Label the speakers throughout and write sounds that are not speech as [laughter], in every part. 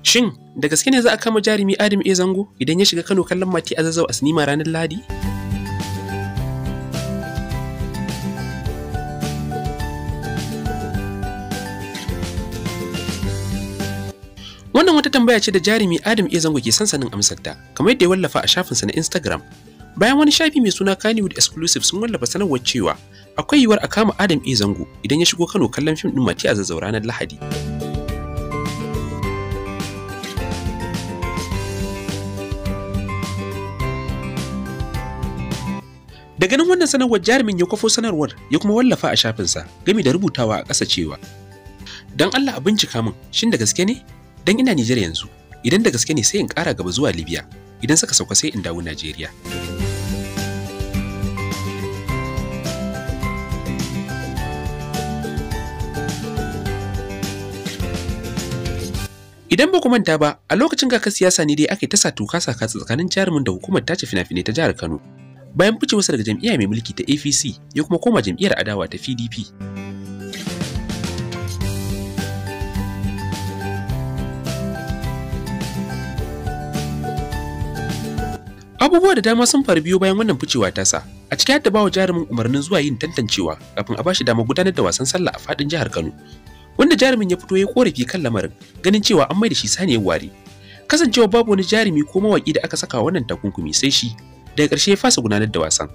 Speaker 1: Shin da gaske ne za a kama jarumi Adam A Zango idan ya shiga Kano kallon Mati a zazzau a sinima ranar Ladi? Wannan wata tambaya ce da jarumi Adam A Zango ke sansanin amsarta, kamar yadda ya wallafa a shafinsa na Instagram Bayan wani shafi mai suna Kannywood Exclusive sun wallafa sanarwar cewa akwai yiwuwar a kama Adam e Zango idan ya shigo Kano kallon fim ɗin Mati a zazzau ranar Lahadi. Da ganin wannan sanarwar jarumin ya kwafo sanarwar ya kuma wallafa a shafinsa gami da rubutawa a ƙasa cewa Don Allah a bincika min shin da gaske ne? Don ina Nijar yanzu, idan da gaske ne sai in ƙara gaba zuwa Libya, idan suka sauka sai in dawo Najeriya. Idan ba ku manta ba, a lokacin kakar siyasa ne dai aka ta sa tuka saka tsakanin jarumin da hukumar tace fina-finai ta jihar Kano. Bayan ficewarsa daga jam'iyya mai mulki ta APC, ya kuma koma jam'iyyar adawa ta PDP. Abubuwa da dama sun faru biyu bayan wannan ficewa ta tasa, a ciki hadda da bawa jarumin umarnin zuwa yin tantancewa kafin a bashi damar gudanar da wasan sallah a fadin jihar Kano. wanda jarumin ya fito ya korafi kan lamarin ganin cewa an mai da shi saniyar ware kasancewa babu wani jarumi ko mawaƙi da aka saka wannan takunkumi sai shi daga ƙarshe ya fasa gudanar da wasan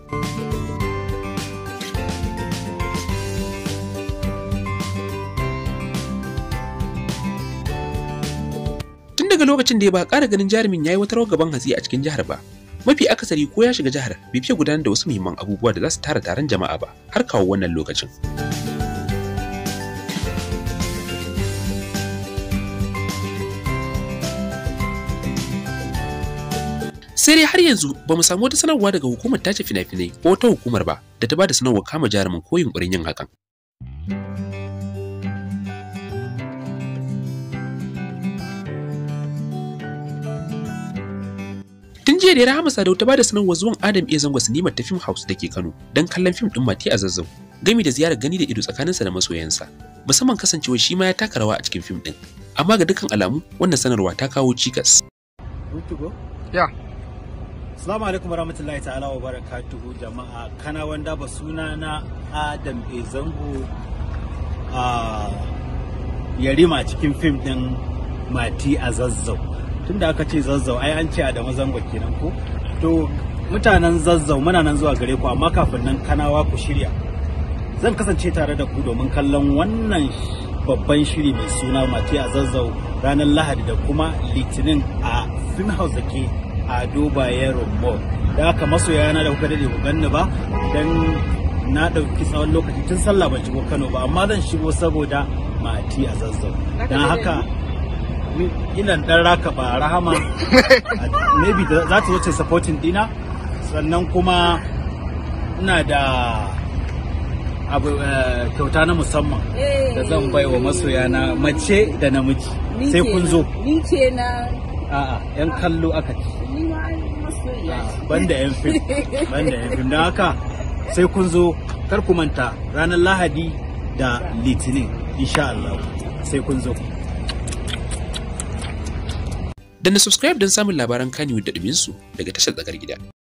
Speaker 1: tun daga lokacin da ya ba ƙara ganin jarumin ya yi wata rawar gaban hatsi a cikin jihar ba mafi akasari ko ya shiga jihar bai fiye gudanar da wasu muhimman abubuwa da za su tara taron jama'a ba har kawo wannan lokacin. sai dai har yanzu ba mu samu wata sanarwa daga hukumar tace fina-finai ko wata hukumar ba da ta ba da sanarwar kama jarumin ko yunkurin yin hakan. Tun jiya da Rahama Sadau ta ba da sanarwar zuwan Adam iya zango sinimar ta Film House da ke Kano don kallon fim ɗin Mati a zazzau, gami da ziyarar gani da ido tsakaninsa da masoyansa, musamman kasancewar shi ma ya taka rawa a cikin fim ɗin. Amma ga dukkan alamu wannan sanarwa ta kawo cikas.
Speaker 2: Salamu alaikum warahmatullahi ta'ala wa barakatuhu jama'a kana wanda ba suna na Adam Ezango a yarima cikin fim din Mati a Zazzau. Tunda aka ce Zazzau ai an ce Adamu Zango kenan ko? To mutanen Zazzau muna nan zuwa gare ku amma kafin nan kanawa ku shirya. Zan kasance tare da ku domin kallon wannan babban shiri mai suna Mati a Zazzau ranar Lahadi da kuma Litinin a Film House da ke ado yaron mall da aka masoya na da kuka dade ku ganni ba dan na ɗauki tsawon lokaci tun sallah ban shigo kano ba amma zan shigo saboda mati a zazzau don haka ina dan raka ba rahama [laughs] maybe za ta wuce supporting dina sannan kuma ina da abu eh, kyauta na musamman da zan bai wa masoya na mace da namiji sai kun zo ni ce na a'a yan kallo aka ci banda yan fim banda yan fim haka sai kun zo kar ku manta ranar lahadi da litinin insha Allah sai kun zo
Speaker 1: da subscribe don samun labaran kanyu da ɗuminsu daga tashar tsakar gida